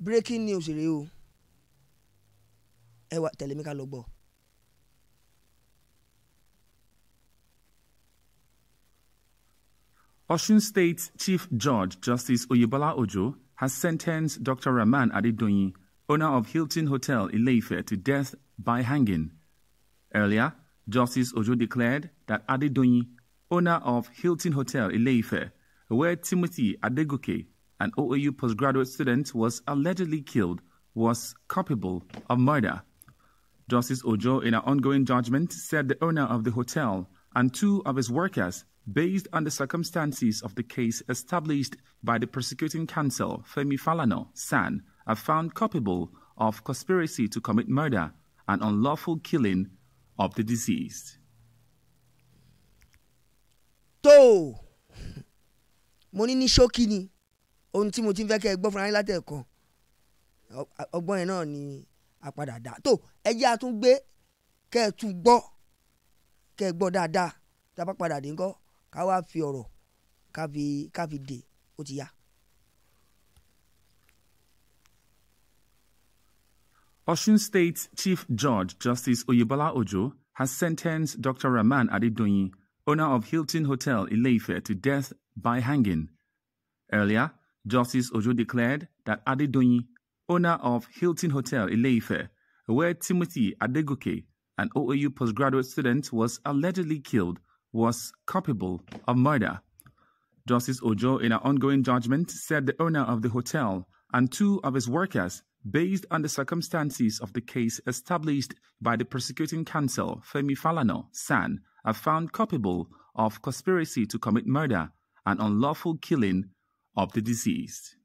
breaking news rèé o ẹ wá tẹ̀lé mi ká lọ gbọ́. Osun State Chief Judge Justice Oyebola Ojo has sentenced Dr. Rahman Adedoyin, owner of Hilton Hotel Ileife, to death by hanging. Earlier, Justice Ojo declared that Adedoyin, owner of Hilton Hotel Ileife, where Timothy Adegoke an OAU postgraduate student, was allegedly killed, was culpable of murder. Justice Ojo, in an ongoing judgment, said the owner of the hotel and two of his workers, based on the circumstances of the case established by the prosecuting counsel, Femi Falano San, are found culpable of conspiracy to commit murder and unlawful killing of the deceased. tó o mo ní ní ṣókí ni ohun tí mo ti ń fẹ́ kẹ́ ẹ gbọ́ fúnra yín látẹ̀kọ́ ọgbọ́n yẹn náà ni àpadà dá tó ẹ jẹ́ àtúngbé kẹ́ ẹ tún gbọ́ kẹ́ ẹ gbọ́ dáadáa tá padà dé ńkọ́ ká wá fi ọ̀rọ̀ ká fi ká fi dè ó ti yá. Osun State Chief Judge Justice Oyebola Ojo has sentenced Dr. Rahman Adedoyin, owner of Hilton Hotel Ileife, to death by hanging. Earlier, Justice Ojo declared that Adedoyin, owner of Hilton Hotel Ileife, where Timothy Adegoke, an OAU postgraduate student, was allegedly killed, was culpable of murder. Justice Ojo, in an ongoing judgment, said the owner of the hotel and two of his workers, based on the circumstances of the case established by the prosecuting counsel Femi Falano San, are found culpable of conspiracy to commit murder and unlawful killing of the deceased.